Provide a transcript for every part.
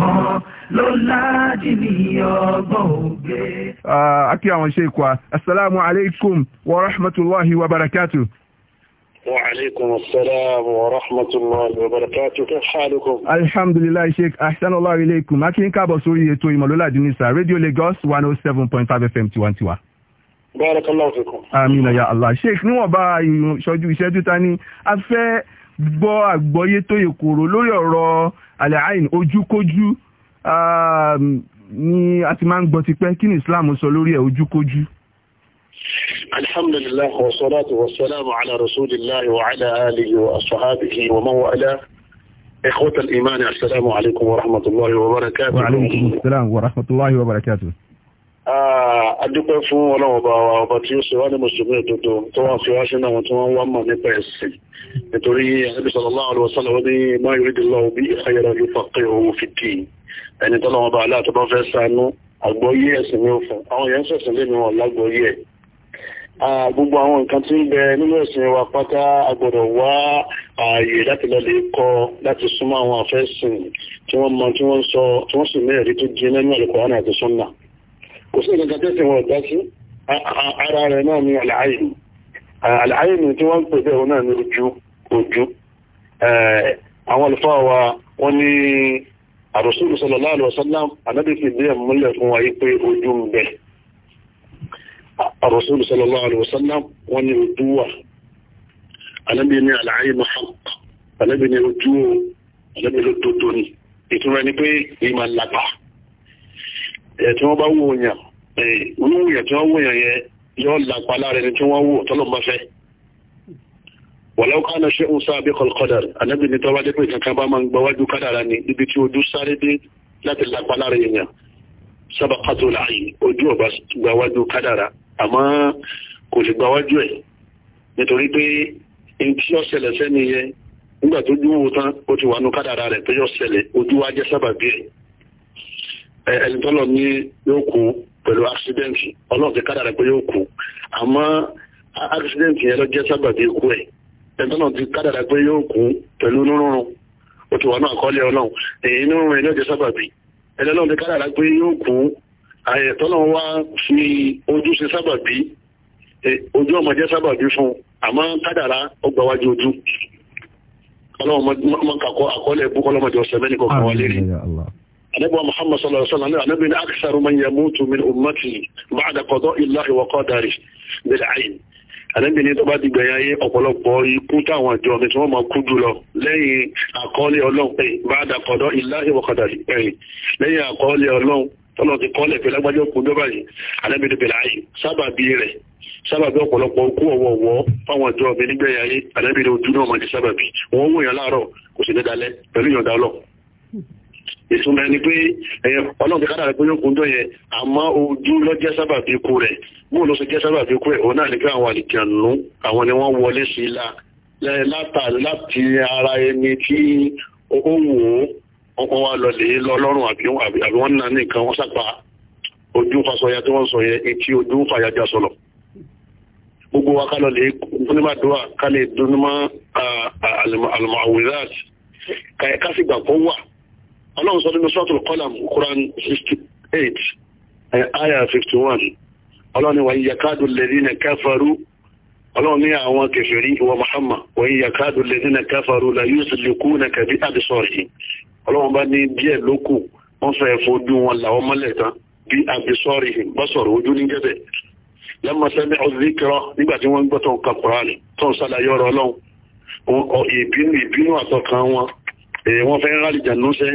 mọ́ ló láàjì ní ọgbọ́n ògbé. akí àwọn ṣe ikọ̀ asalaamu aleykum wa rahmatullahi wa barakatu. wa alaikum assalam wa rahmatullahi wa barakatu kí sheikh ahsanullah aleykum a kí n káàbọ̀ sórí radio lagos 107.5 FM seven point five fm tiwantiwa. barakallahu fikum. amina ya allah sheikh níwọ̀n bá ìṣojú ìṣẹ́jú ta ni a fẹ́ gbọ́ àgbọ́yé tó yẹ kòrò lórí ọ̀rọ̀ àlàáìn ojúkójú ni a ti máa ń gbọ́ tipẹ́ kí ni Islam sọ lórí ẹ̀ ojúkójú. alhamdulillah wa salatu wa salamu ala rasulillah wa ala alihi wa ashabihi wa man wala ikhwata al-iman assalamu alaikum wa rahmatullahi wa barakatuh. wa alaikum assalam wa rahmatullahi wa barakatuh adúpẹ́ fún ọlọ́run bá wa ọba tí ó ṣe wá ní mùsùlùmí òdodo tó wọ́n fi wá sínú àwọn tí wọ́n wá mọ̀ nípa ẹ̀sìn nítorí Ànábì sallallahu alaihi wasallam ní ma yuridillahu wa pátá a gbọ́dọ̀ wá ààyè láti lọ lè kọ láti súnmọ́ àwọn àfẹ́sìn tí wọ́n mọ tí wọ́n sọ tí wọ́n sì ní ẹ̀rí sí ìgbẹ̀gbẹ̀ tẹ́sí wọn ọ̀dá sí ara rẹ̀ náà ni àlàáyìn àlàáyìn tí wọ́n ń pè bẹ́ẹ̀ náà ni ojú ojú àwọn olùfọ́ wa wọ́n ní àrùsùlù sallallahu alaihi wasallam ànábì fi bí ẹ̀múlẹ̀ fún wa yí pé ojú ń bẹ àrùsùlù sallallahu alaihi wasallam wọ́n ní ojú wà ànábì ní yàn wíwúyàn tí wọ́n wúyàn yẹn yọ lápá lára ẹni tí wọ́n wò tọ́lọ́mọ fẹ́ wọ̀lọ́wọ́ ká náà ṣe ń sá abẹ́kọ̀ kọ́dàr anábì ní tọ́wá dé pé kankan bá máa ń gbọ́wájú kádàrá ni ibi tí ojú sáré dé láti lápá lára èèyàn sábà kátó láàyè ojú ọba gbàwájú kádàrá àmọ́ kò sì gbàwájú ẹ̀ nítorí pé ẹni tí ó ṣẹlẹ̀ sẹ́ni yẹn nígbà tó dúró tán ó ti wà nù kádàrá rẹ̀ tó yọ ṣẹlẹ̀ ojú wa jẹ́ sábàbí ẹ̀ ẹni tọ́lọ̀ ní yóò kó pẹ̀lú accident ọlọ́run ti kádàrà pé yóò kú àmọ́ accident yẹn ló jẹ́ sábàbí ikú ẹ̀ ẹ̀tọ́ náà ti kádàrà pé yóò kú pẹ̀lú nírúurú ó ti wà náà kọ́lé ọlọ́run èyí nírúurú yẹn ló jẹ́ sábàbí ẹ̀tọ́ náà ti kádàrà pé yóò kú ẹ̀tọ́ náà wá fi ojú sí sábàbí ojú ọmọ jẹ́ sábàbí fún àmọ́ kádàrà ó gbà wájú ojú ọlọ́run mọ́ kàkọ́ àkọọ́lẹ̀ bú kọ́lọ́mọdé ọ̀sẹ̀ mẹ́nìkọ̀ọ́ àdẹ́gbọ́n Muhammad sallallahu alaihi wasallam ànábì ní akṣàrù man yamutu min ummati ba'da qada'i Allahi wa qadarihi bil ayn ànábì ní tó bá ti gbẹ̀yà yé ọ̀pọ̀lọpọ̀ ikú táwọn àjọ mi tí wọ́n máa kú jùlọ lẹ́yìn àkọọ́lẹ̀ Ọlọ́run pé ba'da qada'i Allahi wa qadarihi lẹ́yìn àkọọ́lẹ̀ Ọlọ́run tọ́lọ́ ti kọ́lẹ̀ pé lágbájọ́ kú jọba yìí ànábì ní bil ayn sábàbí rẹ̀ sábàbí ọ̀pọ̀lọpọ̀ okú ọ̀wọ̀ọ̀wọ́ fáwọn àjọ mi nígbẹ̀yà yé ànábì ní ojú náà máa ti sábàbí wọ́n wòyàn láàárọ̀ kò sì ní dalẹ̀ pẹ̀lú ìyọ̀ǹda Ọlọ́run ìtumọ̀ ẹni pé ọlọ́run ti ká dàrẹ́ pé yóò kún tó yẹ àmọ́ ojú lọ jẹ́ sábà fi kú rẹ̀ bóun ló ṣe jẹ́ sábà fi kú rẹ̀ òun náà ní pé àwọn àlìkànnú àwọn ni wọ́n wọlé sí la láti ara ẹni tí ó wò ó ọkọ̀ wa lọ lè lọ lọ́rùn àbí wọ́n náà nìkan wọ́n sápa ojú fasọya tí wọ́n sọ yẹ etí ojú fàyàjà sọlọ gbogbo wa ká lọ lè ká lè dúnímà àlùmọ̀ àwùrẹ́ àti ká sì gbà fún wà ọlọ́run sọ nínú suratul qalam Quran sixty eight eh, aya fifty one ọlọ́run ni wa yakadu alladhina kafaru ọlọ́run ní àwọn kẹfẹ̀rí ìwọ Muhammad wa yakadu alladhina kafaru la yuslikunaka bi absarihim ọlọ́run bá ní díẹ̀ lókù wọ́n fẹ́ fojú wọn làwọn mọ́lẹ̀ tán bí absarihim bọ́sọ̀rọ̀ ojú ní gẹ́bẹ̀ lamma sami'u dhikra nígbà tí wọ́n gbọ́tọ̀ ka Kùránì tó ń ọlọ́run ìbínú àtọkàn wọn wọ́n fẹ́ rálì jànúṣẹ́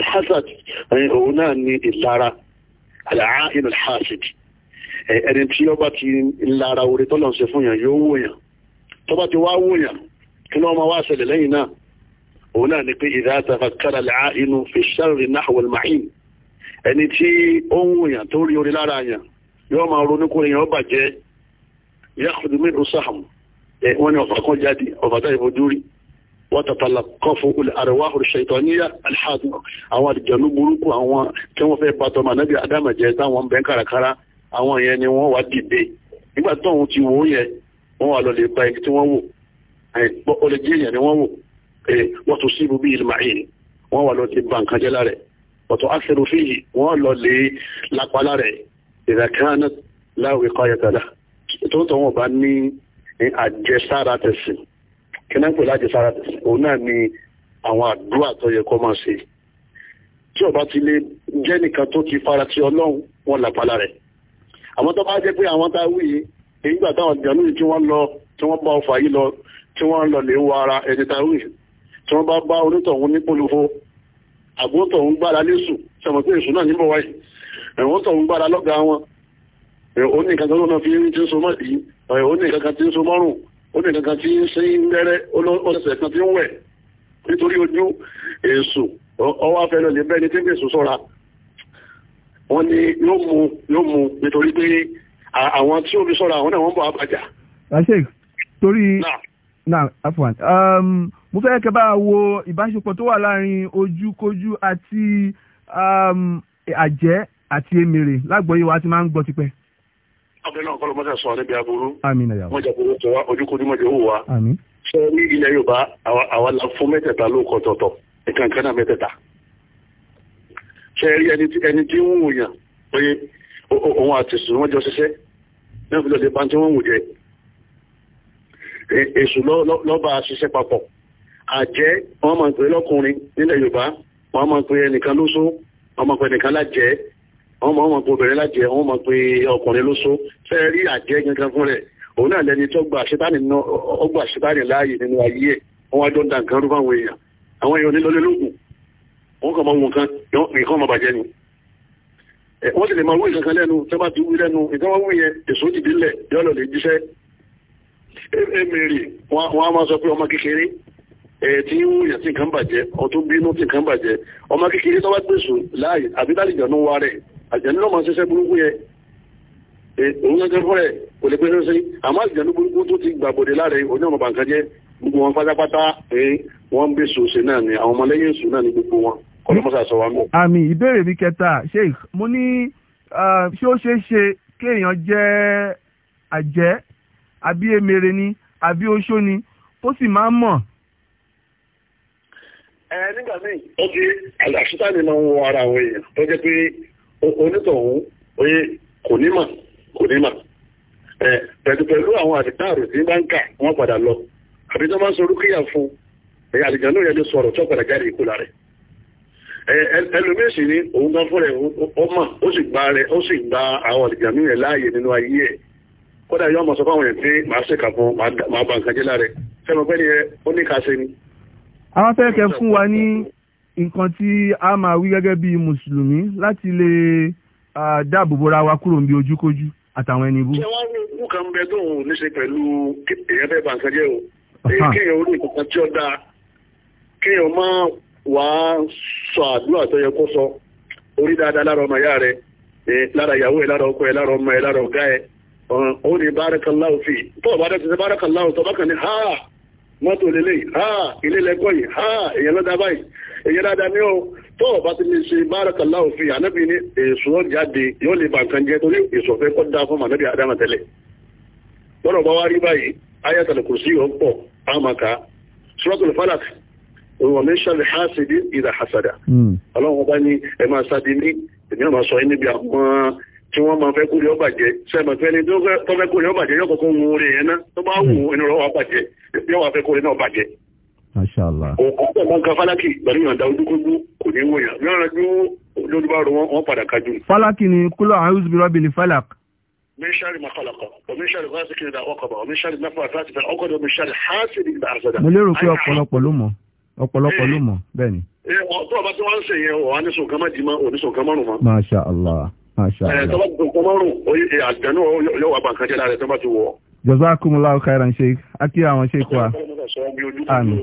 alhassad eh, òun náà ni ìlara àlàáhìn alhassid eh, ẹni tí ó bá ti lára orí tọ́lọ̀ ń ṣe fún yàn yóò wòyàn tó bá ti wá wòyàn kí ni wọ́n máa wá ṣẹlẹ̀ lẹ́yìn náà òun náà ni pé idha tafakkara al'ainu fi sharri nahwa al-ma'in ẹni tí ó ń wòyàn tó rí orí lára yàn yóò máa ronú kó yàn ó bàjẹ́ yakhudhu minhu sahm eh, wọn ni ọ̀fà kan jáde ọ̀fà táyà ìfojú rí وتتلقفه الأرواح الشيطانية الحاضرة àwọn àlùjànnú burúkú àwọn tí wọ́n fẹ́ bá tọmọ ànábì Ádámù jẹ́ táwọn bẹ́ẹ̀ kárakára àwọn yẹn ni wọ́n wá dìde nígbà tó òun ti wò ó yẹn wọ́n wà lọ lè ba ibi tí wọ́n wò ó lè jẹ́ èèyàn ni wọ́n wò wọ́n tún sí ibùbí ìlmàhìn wọ́n wà lọ ti ba nǹkan jẹ́ lára ọ̀tọ̀ akẹ́rù fíyì kínápò láti sára òun náà ni àwọn àdúrà tó yẹ kó máa ṣe tí ọba ti lè jẹ́ nìkan tó ti fara ti ọlọ́run wọn làpálá rẹ̀ àwọn tó bá jẹ́ pé àwọn tá a wí yìí èyí gbà táwọn ìjànú yìí tí wọ́n lọ tí wọ́n bá ọfà yìí lọ tí wọ́n lọ lè wọ ara ẹni tá a wí tí wọ́n bá bá onítọ̀hún ní polówó àgbóntọ̀hún gbára lẹ́sù sọ̀rọ̀ pé èṣù náà níbọ̀ wáyé ẹ̀wọ̀n gbára lọ́gàá wọn òní kankan tó náà fi ń ó ní kankan tí ń ṣe ń lẹ́rẹ́ ọ̀sẹ̀ kan tí ń wẹ̀ nítorí ojú èṣù ọwọ́ afẹ́ lọ lè bẹ́ni tí ń gbèsù sọ́ra wọ́n ní yóò mú yóò mú nítorí pé àwọn tí ó sọ́ra àwọn náà wọ́n bọ̀ abàjà. rasheed torí afwan um, mo fẹ́ kẹ́ bá wo ìbáṣepọ̀ tó wà láàrin ojúkójú àti um, àjẹ́ àti èmèrè lágbọ̀ọ́yé wa ti máa ń gbọ́ tipẹ́ abẹ́ náà kọ́lọ́ mọ́tà sọ níbi aburú mọ́jà burú tó wá ojú kojú mọ́jà owó wa sọ ní ilẹ̀ Yorùbá àwa la fún mẹ́tẹ̀ẹ̀ta ló kọ́ tọ̀tọ̀ nǹkan kan náà mẹ́tẹ̀ẹ̀ta ṣe rí ẹni tí ń wù yàn oye òun àti sùn wọ́n jọ ṣiṣẹ́ náà fi lọ́ọ́ di pàǹtí wọ́n wù jẹ èṣù lọ́ba ṣiṣẹ́ papọ̀ àjẹ́ wọ́n máa ń pè lọ́kùnrin nílẹ̀ Yorùbá wọ́n máa ń pè ẹnìkan lóṣó wọ́n máa ń pè ẹnìkan lájẹ́ wọ́n mọ̀ wọ́n pe obìnrin lájẹ wọ́n mọ̀ pé ọkùnrin ló so fẹ́ rí àjẹ́ gangan fún rẹ̀ òun náà lẹni tó gba àṣetánì ọgbà àṣetánì láàyè nínú ayé ẹ̀ wọ́n wájọ́ ń da nǹkan rúbọ àwọn èèyàn àwọn èèyàn nílọ́lé lóògùn wọ́n kàn máa wù nǹkan nǹkan máa bàjẹ́ ni wọ́n sì lè máa wú ìkankan lẹ́nu tó bá ti wú lẹ́nu nǹkan wọ́n wú yẹn èso dìde lẹ̀ yọ́lọ̀ lè jíṣẹ́ emèrè wọ́n á máa sọ pé ọmọ kékeré tí ń wúyàn tí nǹkan bàjẹ́ ọtún bínú tí nǹkan bàjẹ́ ọmọ kékeré tó bá gbèsò láàyè àbí tálíjọ́ ló wá àjẹ̀nú náà máa ṣiṣẹ́ burúkú yẹn òun gẹ́gẹ́ fọ́rẹ̀ kò lè pẹ́ sọ́sẹ́ àmọ́ àjẹ̀nú burúkú tó ti gbàbọ̀dé láre oní ọ̀nà bàǹkan jẹ́ gbogbo wọn pátápátá wọ́n ń bèṣù ṣe náà ni àwọn ọmọlẹ́yìn ṣù náà ni gbogbo wọn kọ́lọ́mọ́sà sọ wa mọ́. àmì ìbéèrè mi kẹta sheikh mo ní ṣé ó ṣeé ṣe kéèyàn jẹ́ àjẹ́ àbí emèrè ni àbí oṣó ni tó sì máa ń mọ̀ nígbà míì ó ti àṣìṣe àná wọ ara àwọn èèyàn tó jẹ́ pé onítọ̀hún oye kò ní mà kò ní mà pẹ̀lú pẹ̀lú àwọn àdìtáàrò tí bá ń kà wọ́n padà lọ àbí tó máa ń sorú kíyà fún ẹ̀yà àlìjàn náà yẹn ló sọ̀rọ̀ tó padà jáde ìkú lára ẹlòmíìsì ni òun gan fúnra ó mà ó sì gba rẹ ó sì gba àwọn àlìjàn náà yẹn láàyè nínú ayé ẹ̀ kódà yóò mọ̀ sọ fáwọn yẹn pé màá ṣèkà fún màá bà nǹkan jẹ́ lára ẹ̀ fẹ́ràn pẹ́ ni ẹ ó ní ká ṣe ni. àwọn fẹ́ẹ́ kẹ fún wa ní nǹkan tí a máa wí gẹ́gẹ́ bí mùsùlùmí láti lè dáàbò bora wa kúrò níbi ojúkójú àtàwọn ẹni bú. ṣé wọ́n ní ìlú kan bẹ tó ń ní ṣe pẹ̀lú èèyàn bẹ́ẹ̀ bá ń sẹ́jẹ́ o kéèyàn orí ìkọ̀kan tí ó dáa kéèyàn má wà á sọ àdúrà tó yẹ kó sọ orí dáadáa lára ọmọ ìyá rẹ lára ìyàwó ẹ lára ọkọ ẹ lára ọmọ ẹ lára ọgá ẹ ó ní bárakàláwò fi tó o bá dẹ́ ti sẹ́ bárakàláwò tó mọ́tò lélẹ̀ ilé lẹ́kọ́ yìí èyàn lọ́dá báyìí èyàn dáadáa ní o tó o bá ti lè ṣe bárakàlá òfin ànábì ní èso jáde yóò lè bà nǹkan jẹ torí èso ọ̀fẹ́ kọ́ da fún ànábì adama tẹ́lẹ̀ lọ́nà bá wá rí báyìí ayatul kursi yóò pọ̀ àmàkà suratul falak wa min sharri hasidin idha hasada hmm. ọlọ́run bá ní ẹ máa sáde ní èmi sọ tí wọ́n máa fẹ́ kúrò yọ bàjẹ́ sẹ́mọ̀ fẹ́ ni tó fẹ́ kúrò yọ bàjẹ́ yọ kọ̀kọ́ ń wọlé yẹn ná tó bá wù ẹnu rọ̀ wá bàjẹ́ yọ wà fẹ́ kúrò náà bàjẹ́. òkú pẹ̀lú nǹkan fálákì pẹ̀lú yọ̀ǹda ojúkúgbú kò ní wòyàn yọ̀ǹda ju lórí bá rọ wọn padà kájú. fálákì ni kúlọ̀ àrùs bí rọ́bì ní fálák. min sharri ma khalaqa wa min sharri ghasiqin idha waqa wa min sharri naffasati fil 'uqad wa min sharri hasidin idha hasada. mo lérò pé ọ̀pọ̀lọpọ̀ ló mọ̀ ọ̀pọ̀lọpọ̀ ló mọ̀ bẹ́ẹ̀ eh, eh, tọ́ba tuntun mọ́rùn àjẹnú yóò wà bá nǹkan jẹ́ lára tọ́ba ti wọ̀. jazakumullahu khairan sheik aki àwọn sheik wa. àmín.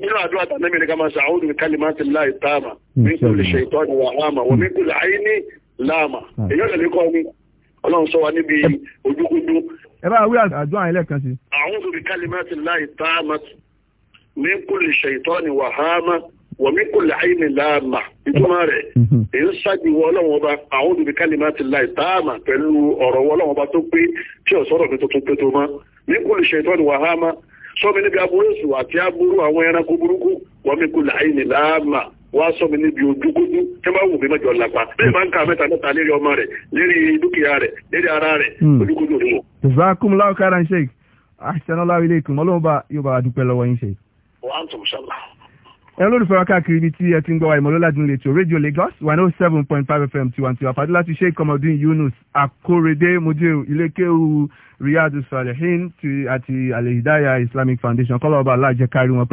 nínú àdúrà tàbí mi ni ká máa sàáwó ní kalimati láì táàmà min kulli shaytani wà láàmà wa min kulli aini láàmà hmm. èyí ọ̀sẹ̀ ní kọ́ mi ọlọ́run sọ wa níbi ojúkúndú. ẹ bá wí àdúrà yẹn lẹ́ẹ̀kan sí. a'udhu bi kalimati láì táàmà min kulli shaytani wà háàmà wọ̀mí kò lè àyè ní láàmà ìtumọ̀ rẹ̀ èyí ń ṣàjùwọ́ ọlọ́run ọba àwọn olùbí kálímà ti láì táàmà pẹ̀lú ọ̀rọ̀ ọlọ́run ọba tó pé tí ọ̀sọ́rọ̀ mi tuntun pé tó mọ́ ní kò lè ṣètò ní wàhámà sọ́mi níbi aburú àti aburú àwọn ẹranko burúkú wọ̀mí kò lè àyè ní láàmà níbi ojúkójú tí wọ́n wù mí mẹ́jọ lápá bẹ́ẹ̀ máa ń ka mẹ́ta mẹ́ta lérí ọmọ rẹ̀ lérí dúkìá rẹ̀ lérí ara rẹ̀ ojúkójú òdìwọ. ìzákùn láwùkárà ń ṣe àṣìṣẹ́ náà láwílé bá yóò bá dúpẹ́ yín ṣe. wọ́n á tún ẹ lólùfẹ́ wa káàkiri ibi tí ẹ ti ń gbọ́ wa ìmọ̀lọ́ládùn lè tó rédíò Lagos one oh seven point five fm tiwantiwa fàdúrà ti Sheikh Kamaldeen Yunus Akórèdé mojeo ilékéwu Riyadu Salihin àti al Islamic Foundation kọ́lọ́ ọba aláàjẹkárí wọn pẹ́.